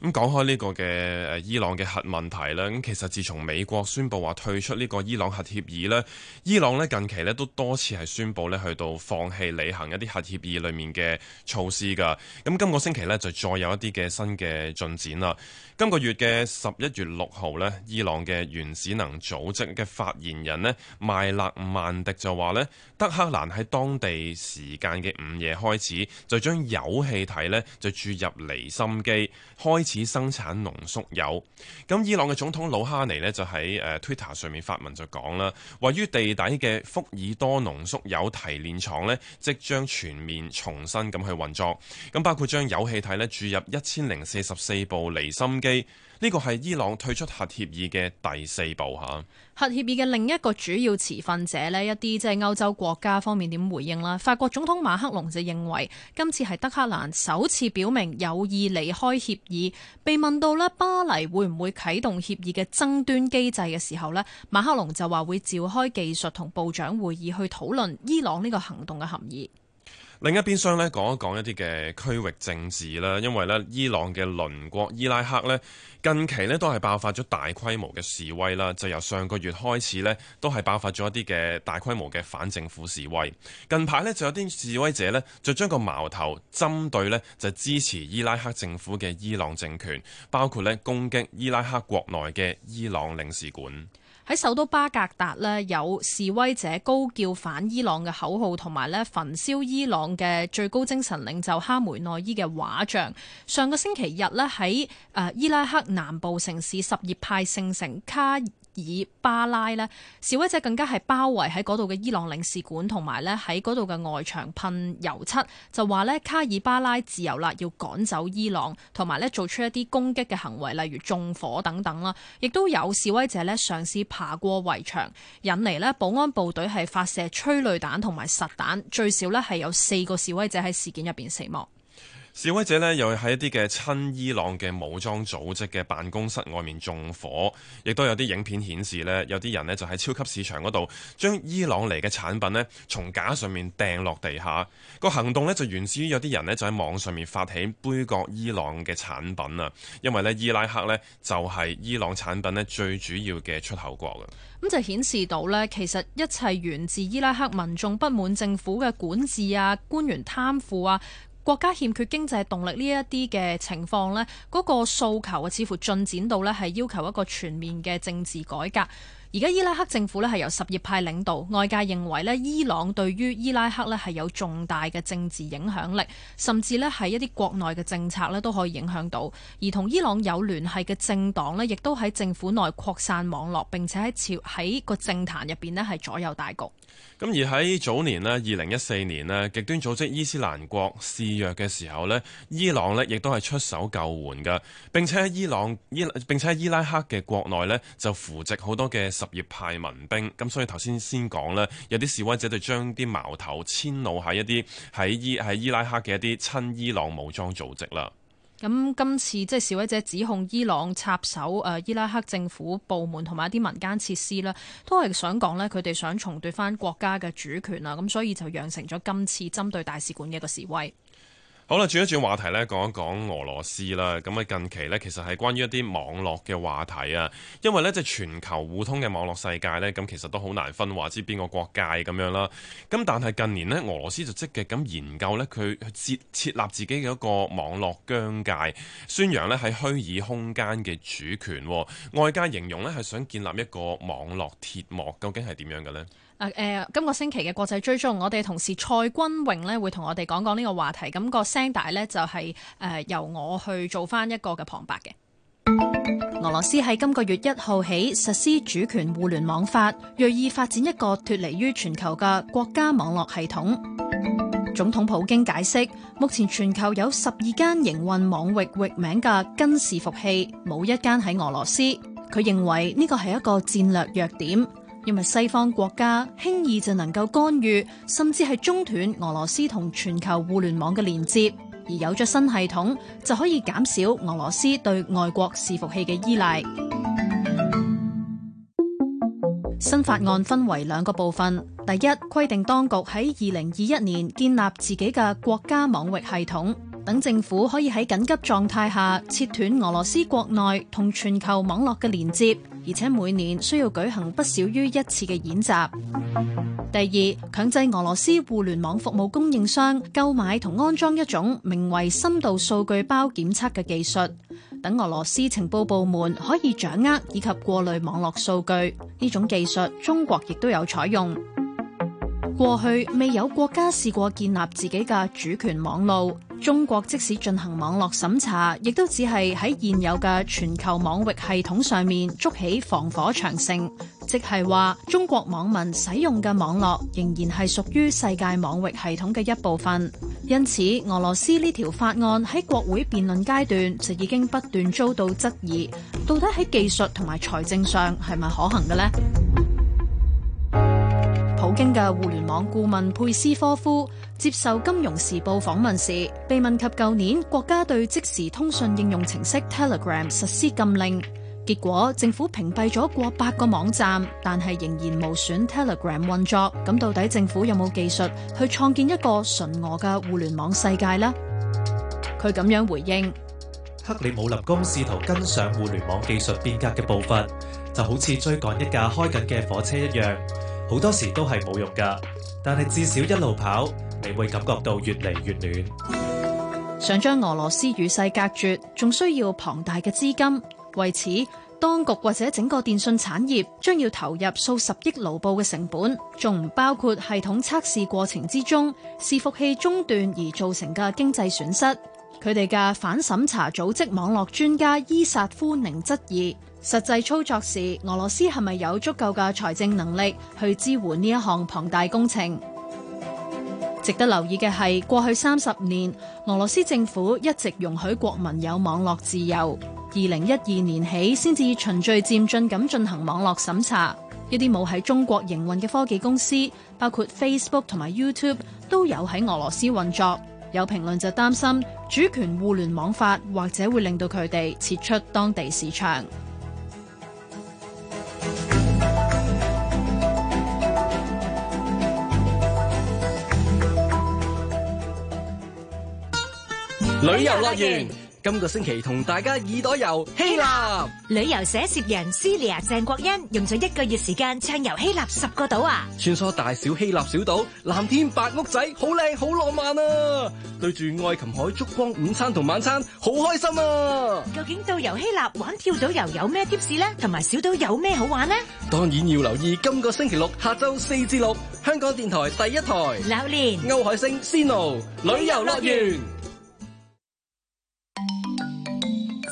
咁講開呢個嘅誒伊朗嘅核問題啦。咁其實自從美國宣布話退出呢個伊朗核協議呢，伊朗呢近期呢都多次係宣布呢去到放棄履行一啲核協議裏面嘅措施㗎。咁今個星期呢，就再有一啲嘅新嘅進展啦。今個月嘅十一月六號咧，伊朗嘅原子能組織嘅發言人咧邁勒曼迪就話咧，德黑蘭喺當地時間嘅午夜開始就將有氣體咧就注入離心機開始生產濃縮鈾。咁伊朗嘅總統魯哈尼咧就喺誒 Twitter 上面發文就講啦，位於地底嘅福爾多濃縮鈾提煉廠咧，即將全面重新咁去運作。咁包括將有氣體咧注入一千零四十四部離心機。呢個係伊朗退出核協議嘅第四步吓。核協議嘅另一個主要持份者呢，一啲即係歐洲國家方面點回應啦？法國總統馬克龍就認為今次係德克蘭首次表明有意離開協議。被問到咧，巴黎會唔會啟動協議嘅爭端機制嘅時候呢，馬克龍就話會召開技術同部長會議去討論伊朗呢個行動嘅含義。另一邊廂咧，講一講一啲嘅區域政治啦，因為咧，伊朗嘅鄰國伊拉克咧，近期咧都係爆發咗大規模嘅示威啦，就由上個月開始咧，都係爆發咗一啲嘅大規模嘅反政府示威。近排咧就有啲示威者咧，就將個矛頭針對咧，就支持伊拉克政府嘅伊朗政權，包括咧攻擊伊拉克國內嘅伊朗領事館。喺首都巴格達咧，有示威者高叫反伊朗嘅口號同埋咧焚燒伊朗嘅最高精神領袖哈梅內伊嘅畫像。上個星期日咧喺誒伊拉克南部城市什葉派聖城卡。以巴拉呢示威者更加係包圍喺嗰度嘅伊朗領事館同埋咧喺嗰度嘅外牆噴油漆，就話咧卡爾巴拉自由啦，要趕走伊朗，同埋咧做出一啲攻擊嘅行為，例如縱火等等啦。亦都有示威者咧嘗試爬過圍牆，引嚟咧保安部隊係發射催淚彈同埋實彈，最少咧係有四個示威者喺事件入邊死亡。示威者咧，又喺一啲嘅親伊朗嘅武裝組織嘅辦公室外面縱火，亦都有啲影片顯示咧，有啲人咧就喺超級市場嗰度將伊朗嚟嘅產品咧從架上面掟落地下。個行動咧就源自於有啲人咧就喺網上面發起杯葛伊朗嘅產品啊，因為咧伊拉克咧就係伊朗產品咧最主要嘅出口國嘅。咁就顯示到咧，其實一切源自伊拉克民眾不滿政府嘅管治啊，官員貪腐啊。國家欠缺經濟動力呢一啲嘅情況，呢嗰個訴求啊，似乎進展到呢係要求一個全面嘅政治改革。而家伊拉克政府呢係由什葉派領導，外界認為呢伊朗對於伊拉克呢係有重大嘅政治影響力，甚至呢係一啲國內嘅政策呢都可以影響到。而同伊朗有聯繫嘅政黨呢，亦都喺政府內擴散網絡，並且喺朝喺個政壇入邊呢係左右大局。咁而喺早年咧，二零一四年咧，極端組織伊斯蘭國肆虐嘅時候呢，伊朗呢亦都係出手救援嘅。並且喺伊朗伊並且喺伊拉克嘅國內呢，就扶植好多嘅什葉派民兵。咁所以頭先先講呢，有啲示威者就將啲矛頭遷怒喺一啲喺伊喺伊拉克嘅一啲親伊朗武裝組織啦。咁今次即係示威者指控伊朗插手誒、呃、伊拉克政府部門同埋一啲民間設施啦，都係想講咧，佢哋想重奪翻國家嘅主權啊！咁所以就養成咗今次針對大使館嘅一個示威。好啦，轉一轉話題咧，講一講俄羅斯啦。咁啊，近期咧，其實係關於一啲網絡嘅話題啊。因為咧，即係全球互通嘅網絡世界咧，咁其實都好難分話知邊個國界咁樣啦。咁但係近年呢，俄羅斯就積極咁研究咧，佢設設立自己嘅一個網絡疆界，宣揚咧喺虛擬空間嘅主權。外界形容咧，係想建立一個網絡鐵幕，究竟係點樣嘅呢？啊、呃！今個星期嘅國際追蹤，我哋同事蔡君榮咧會同我哋講講呢個話題。咁個聲大帶咧，就係誒由我去做返一個嘅旁白嘅。俄羅斯喺今個月一號起實施主權互聯網法，銳意發展一個脱離於全球嘅國家網絡系統。總統普京解釋，目前全球有十二間營運網域域，域名嘅根伺服器，冇一間喺俄羅斯。佢認為呢個係一個戰略弱點。因為西方國家輕易就能夠干預，甚至係中斷俄羅斯同全球互聯網嘅連接，而有咗新系統就可以減少俄羅斯對外國伺服器嘅依賴。 <noise> 新法案分為兩個部分，第一，規定當局喺二零二一年建立自己嘅國家網域系統，等政府可以喺緊急狀態下切斷俄羅斯國內同全球網絡嘅連接。而且每年需要舉行不少於一次嘅演習。第二，強制俄羅斯互聯網服務供應商購買同安裝一種名為深度數據包檢測嘅技術，等俄羅斯情報部門可以掌握以及過濾網絡數據。呢種技術，中國亦都有採用。過去未有國家試過建立自己嘅主權網絡。中國即使進行網絡審查，亦都只係喺現有嘅全球網域系統上面築起防火長城，即係話中國網民使用嘅網絡仍然係屬於世界網域系統嘅一部分。因此，俄羅斯呢條法案喺國會辯論階段就已經不斷遭到質疑，到底喺技術同埋財政上係咪可行嘅呢？經嘅互聯網顧問佩斯科夫接受《金融時報》訪問時，被問及舊年國家對即時通訊應用程式 Telegram 實施禁令，結果政府屏蔽咗過百個網站，但係仍然無損 Telegram 運作。咁到底政府有冇技術去創建一個純俄嘅互聯網世界呢？佢咁樣回應：克里姆林宮試圖跟上互聯網技術變革嘅步伐，就好似追趕一架開緊嘅火車一樣。好多時都係冇用噶，但係至少一路跑，你會感覺到越嚟越暖。想將俄羅斯與世隔絕，仲需要龐大嘅資金，為此當局或者整個電信產業將要投入數十億盧布嘅成本，仲唔包括系統測試過程之中伺服器中斷而造成嘅經濟損失。佢哋嘅反審查組織網絡專家伊薩夫寧質疑。實際操作時，俄羅斯係咪有足夠嘅財政能力去支援呢一項龐大工程？值得留意嘅係，過去三十年俄羅斯政府一直容許國民有網絡自由。二零一二年起，先至循序漸進咁進行網絡審查。一啲冇喺中國營運嘅科技公司，包括 Facebook 同埋 YouTube，都有喺俄羅斯運作。有評論就擔心主權互聯網法或者會令到佢哋撤出當地市場。旅遊樂園今個星期同大家耳朵遊希臘。旅遊社攝人斯里亞鄭國恩用咗一個月時間暢遊希臘十個島啊！穿梭大小希臘小島，藍天白屋仔，好靚好浪漫啊！對住愛琴海燭光午餐同晚餐，好開心啊！究竟到遊希臘玩跳島遊有咩 tips 呢？同埋小島有咩好玩呢？當然要留意今個星期六下晝四至六，香港電台第一台柳蓮歐海星 Sino 旅遊樂園。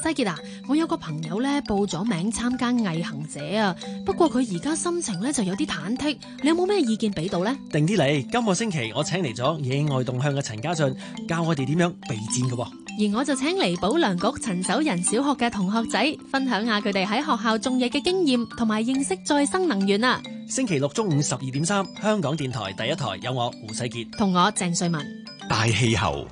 西杰啊，我有個朋友咧報咗名參加毅行者啊，不過佢而家心情咧就有啲忐忑，你有冇咩意見俾到呢？定啲嚟，今個星期我請嚟咗野外動向嘅陳家俊教我哋點樣備戰㗎喎，而我就請嚟保良局陳守仁小學嘅同學仔分享下佢哋喺學校種嘢嘅經驗同埋認識再生能源啊。星期六中午十二點三，香港電台第一台有我胡世杰同我鄭瑞文大氣候。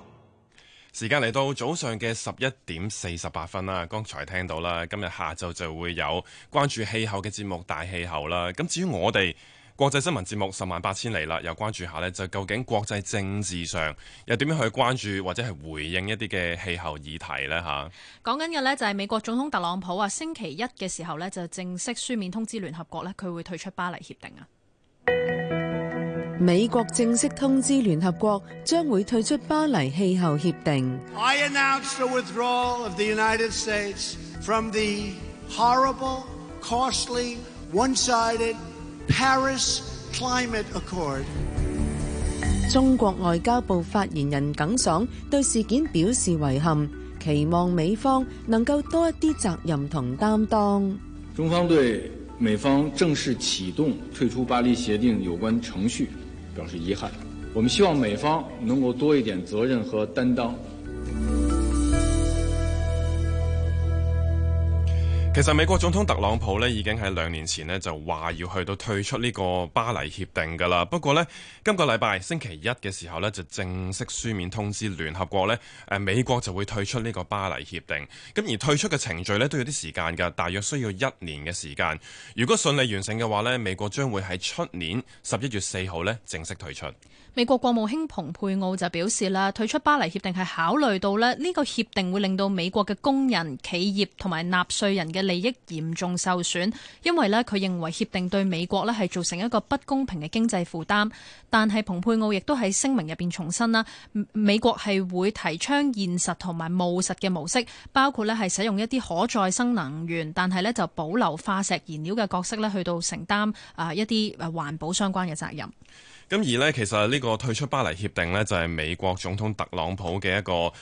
時間嚟到早上嘅十一點四十八分啦，剛才聽到啦，今日下晝就會有關注氣候嘅節目《大氣候》啦。咁至於我哋國際新聞節目十萬八千里啦，又關注下呢，就究竟國際政治上又點樣去關注或者係回應一啲嘅氣候議題呢？吓，講緊嘅呢，就係美國總統特朗普啊，星期一嘅時候呢，就正式書面通知聯合國呢，佢會退出巴黎協定啊。美國正式通知聯合國將會退出巴黎氣候協定。I announce the withdrawal of the United States from the horrible, costly, one-sided Paris Climate Accord. 中國外交部發言人耿爽對事件表示遺憾，期望美方能夠多一啲責任同擔當。中方對美方正式啟動退出巴黎協定有關程序，表示遺憾，我們希望美方能夠多一點責任和擔當。其實美國總統特朗普呢已經喺兩年前呢就話要去到退出呢個巴黎協定噶啦，不過呢，今個禮拜星期一嘅時候呢，就正式書面通知聯合國呢，誒、呃、美國就會退出呢個巴黎協定。咁而退出嘅程序呢，都有啲時間噶，大約需要一年嘅時間。如果順利完成嘅話呢，美國將會喺出年十一月四號呢正式退出。美國國務卿蓬佩奧就表示啦，退出巴黎協定係考慮到呢呢個協定會令到美國嘅工人、企業同埋納稅人嘅利益嚴重受損，因為呢佢認為協定對美國呢係造成一個不公平嘅經濟負擔。但係蓬佩奧亦都喺聲明入邊重申啦，美國係會提倡現實同埋務實嘅模式，包括呢係使用一啲可再生能源，但係呢就保留化石燃料嘅角色呢去到承擔啊一啲誒環保相關嘅責任。咁而呢，其實呢個退出巴黎協定呢，就係、是、美國總統特朗普嘅一個誒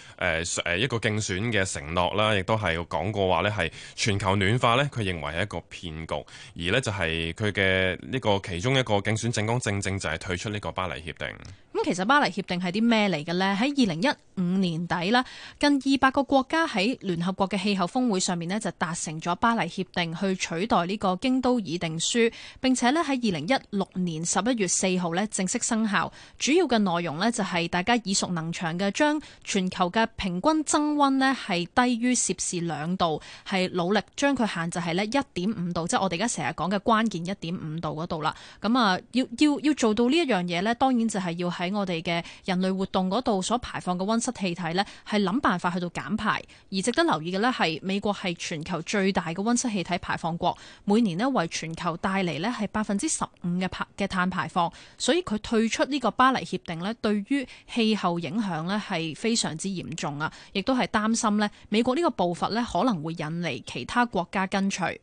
誒、呃、一個競選嘅承諾啦，亦都係講過話咧，係全球暖化咧，佢認為係一個騙局，而呢就係佢嘅呢個其中一個競選政綱正正正就係退出呢個巴黎協定。咁、嗯、其實巴黎協定係啲咩嚟嘅咧？喺二零一五年底啦，近二百個國家喺聯合國嘅氣候峰會上面呢，就達成咗巴黎協定，去取代呢個京都議定書，並且咧喺二零一六年十一月四號咧，正式生效，主要嘅內容呢，就係大家耳熟能詳嘅，將全球嘅平均增温呢，係低於攝氏兩度，係努力將佢限制喺呢一點五度，即係我哋而家成日講嘅關鍵一點五度嗰度啦。咁啊，要要要做到呢一樣嘢呢，當然就係要喺我哋嘅人類活動嗰度所排放嘅温室氣體呢，係諗辦法去到減排。而值得留意嘅呢，係，美國係全球最大嘅温室氣體排放國，每年呢，為全球帶嚟呢係百分之十五嘅碳嘅碳排放，所以佢退出呢個巴黎協定咧，對於氣候影響咧，係非常之嚴重啊，亦都係擔心咧，美國呢個步伐咧可能會引嚟其他國家跟隨。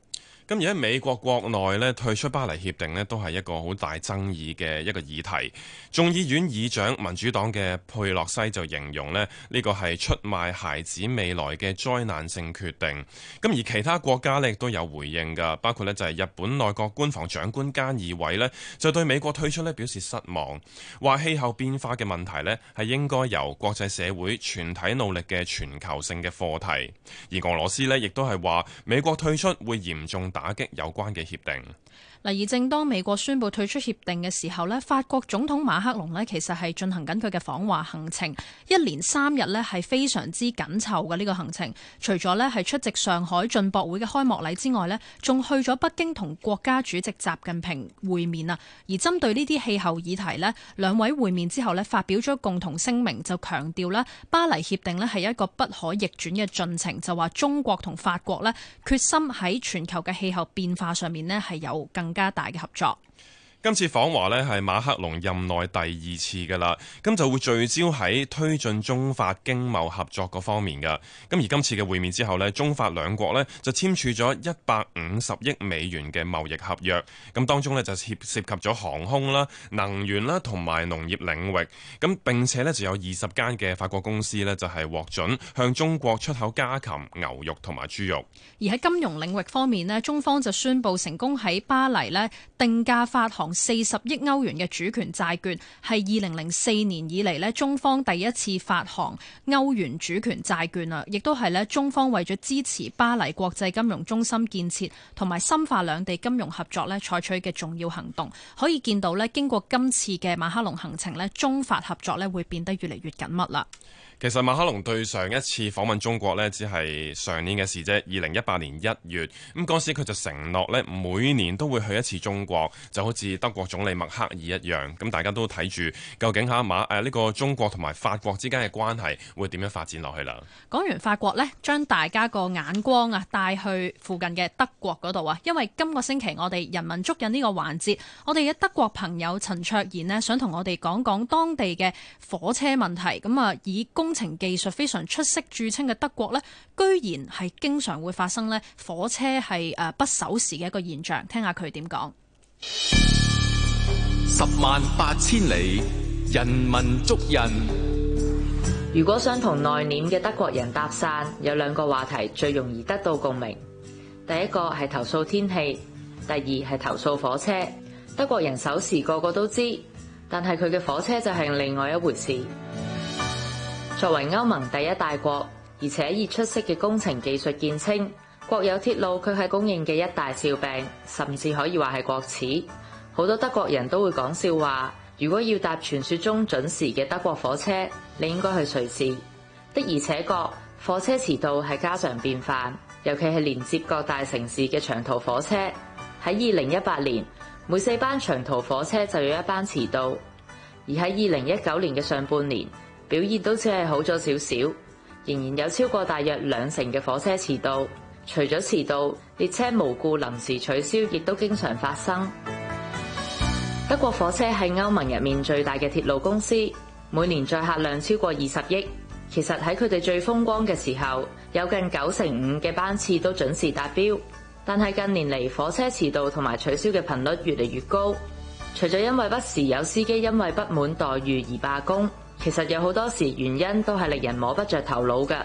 咁而喺美國國內咧退出巴黎協定咧都係一個好大爭議嘅一個議題。眾議院議長民主黨嘅佩洛西就形容咧呢個係出賣孩子未來嘅災難性決定。咁而其他國家呢，亦都有回應噶，包括呢就係日本內閣官房長官菅義偉呢，就對美國退出咧表示失望，話氣候變化嘅問題呢係應該由國際社會全體努力嘅全球性嘅課題。而俄羅斯呢，亦都係話美國退出會嚴重打擊有關嘅協定。嗱，而正當美國宣布退出協定嘅時候咧，法國總統馬克龍咧其實係進行緊佢嘅訪華行程，一連三日咧係非常之緊湊嘅呢個行程。除咗咧係出席上海進博會嘅開幕禮之外咧，仲去咗北京同國家主席習近平會面啊。而針對呢啲氣候議題咧，兩位會面之後咧發表咗共同聲明，就強調咧巴黎協定咧係一個不可逆轉嘅進程，就話中國同法國咧決心喺全球嘅氣候變化上面咧係有更更加大嘅合作。今次訪華咧係馬克龍任內第二次嘅啦，咁就會聚焦喺推進中法經貿合作嗰方面嘅。咁而今次嘅會面之後咧，中法兩國咧就簽署咗一百五十億美元嘅貿易合約，咁當中咧就涉涉及咗航空啦、能源啦同埋農業領域。咁並且咧就有二十間嘅法國公司咧就係獲准向中國出口家禽、牛肉同埋豬肉。而喺金融領域方面咧，中方就宣布成功喺巴黎咧定價發行。四十億歐元嘅主權債券，係二零零四年以嚟，呢中方第一次發行歐元主權債券啦，亦都係呢中方為咗支持巴黎國際金融中心建設同埋深化兩地金融合作呢採取嘅重要行動。可以見到呢，經過今次嘅馬克龍行程呢，中法合作呢會變得越嚟越緊密啦。其實馬克龍對上一次訪問中國呢，只係上年嘅事啫，二零一八年一月，咁嗰時佢就承諾呢每年都會去一次中國，就好似。德國總理默克爾一樣，咁大家都睇住究竟下馬誒呢個中國同埋法國之間嘅關係會點樣發展落去啦？講完法國呢，將大家個眼光啊帶去附近嘅德國嗰度啊，因為今個星期我哋人民足印呢個環節，我哋嘅德國朋友陳卓賢呢，想同我哋講講當地嘅火車問題。咁啊，以工程技術非常出色著稱嘅德國呢，居然係經常會發生呢火車係誒不守時嘅一個現象。聽下佢點講。十萬八千里，人民足印。如果想同內斂嘅德國人搭訕，有兩個話題最容易得到共鳴。第一個係投訴天氣，第二係投訴火車。德國人守時個個都知，但係佢嘅火車就係另外一回事。作為歐盟第一大國，而且以出色嘅工程技術見稱。國有鐵路佢係公認嘅一大笑柄，甚至可以話係國恥。好多德國人都會講笑話，如果要搭傳說中準時嘅德國火車，你應該去瑞士。的而且確，火車遲到係家常便飯，尤其係連接各大城市嘅長途火車。喺二零一八年，每四班長途火車就有一班遲到，而喺二零一九年嘅上半年表現都只係好咗少少，仍然有超過大約兩成嘅火車遲到。除咗遲到，列車無故臨時取消亦都經常發生。德國火車係歐盟入面最大嘅鐵路公司，每年載客量超過二十億。其實喺佢哋最風光嘅時候，有近九成五嘅班次都準時達標。但係近年嚟，火車遲到同埋取消嘅頻率越嚟越高。除咗因為不時有司機因為不滿待遇而罷工，其實有好多時原因都係令人摸不着頭腦嘅。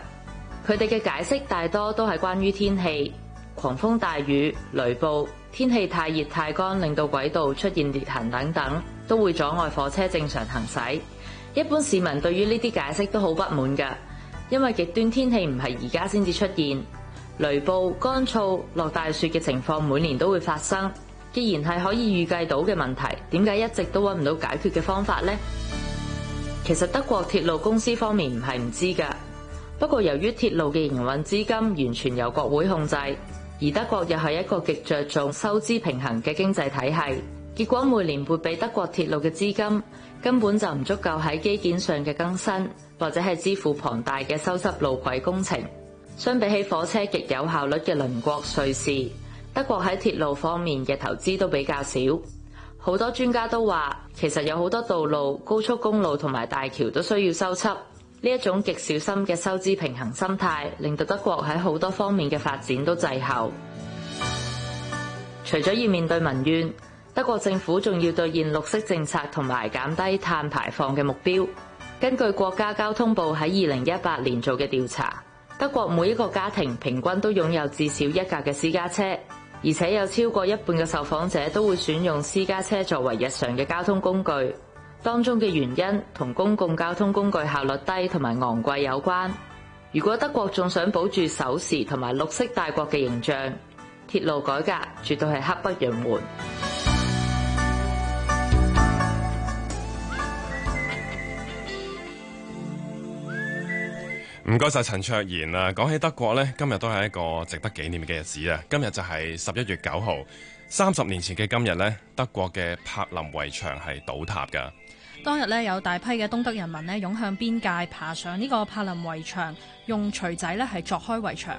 佢哋嘅解釋大多都係關於天氣，狂風大雨、雷暴、天氣太熱太乾，令到軌道出現裂痕等等，都會阻礙火車正常行駛。一般市民對於呢啲解釋都好不滿嘅㗎，因為極端天氣唔係而家先至出現，雷暴、乾燥、落大雪嘅情況每年都會發生。既然係可以預計到嘅問題，點解一直都揾唔到解決嘅方法呢？其實德國鐵路公司方面唔係唔知㗎。不過，由於鐵路嘅營運資金完全由國會控制，而德國又係一個極著重收支平衡嘅經濟體系，結果每年撥俾德國鐵路嘅資金根本就唔足夠喺基建上嘅更新，或者係支付龐大嘅修葺路軌工程。相比起火車極有效率嘅鄰國瑞士，德國喺鐵路方面嘅投資都比較少。好多專家都話，其實有好多道路、高速公路同埋大橋都需要修葺。呢一種極小心嘅收支平衡心態，令到德國喺好多方面嘅發展都滯後。除咗要面對民怨，德國政府仲要兌現綠色政策同埋減低碳排放嘅目標。根據國家交通部喺二零一八年做嘅調查，德國每一個家庭平均都擁有至少一架嘅私家車，而且有超過一半嘅受訪者都會選用私家車作為日常嘅交通工具。當中嘅原因同公共交通工具效率低同埋昂貴有關。如果德國仲想保住守時同埋綠色大國嘅形象，鐵路改革絕對係刻不容緩。唔該晒陳卓賢啊！講起德國呢，今日都係一個值得紀念嘅日子啊！今日就係十一月九號，三十年前嘅今日呢，德國嘅柏林圍牆係倒塌噶。當日呢，有大批嘅東德人民呢湧向邊界，爬上呢個柏林圍牆，用錘仔呢係鑿開圍牆。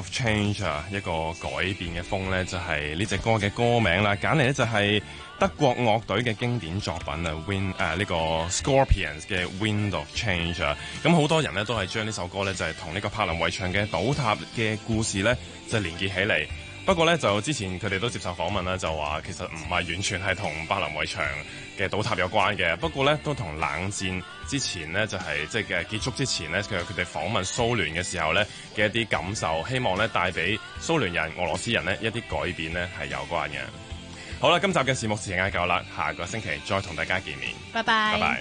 Of Change 啊，一個改變嘅風咧，就係呢隻歌嘅歌名啦。揀嚟咧就係德國樂隊嘅經典作品啊，Wind 誒呢個 Scorpions 嘅 Wind of Change 啊。咁好多人咧都係將呢首歌咧就係同呢個柏林圍牆嘅《倒塌嘅故事呢》咧就連結起嚟。不過呢，就之前佢哋都接受訪問啦，就話其實唔係完全係同柏林圍牆嘅倒塌有關嘅，不過呢，都同冷戰之前呢，就係即係嘅結束之前呢，佢佢哋訪問蘇聯嘅時候呢嘅一啲感受，希望呢帶俾蘇聯人、俄羅斯人呢一啲改變呢係有關嘅。好啦，今集嘅節目時間夠啦，下個星期再同大家見面。拜拜。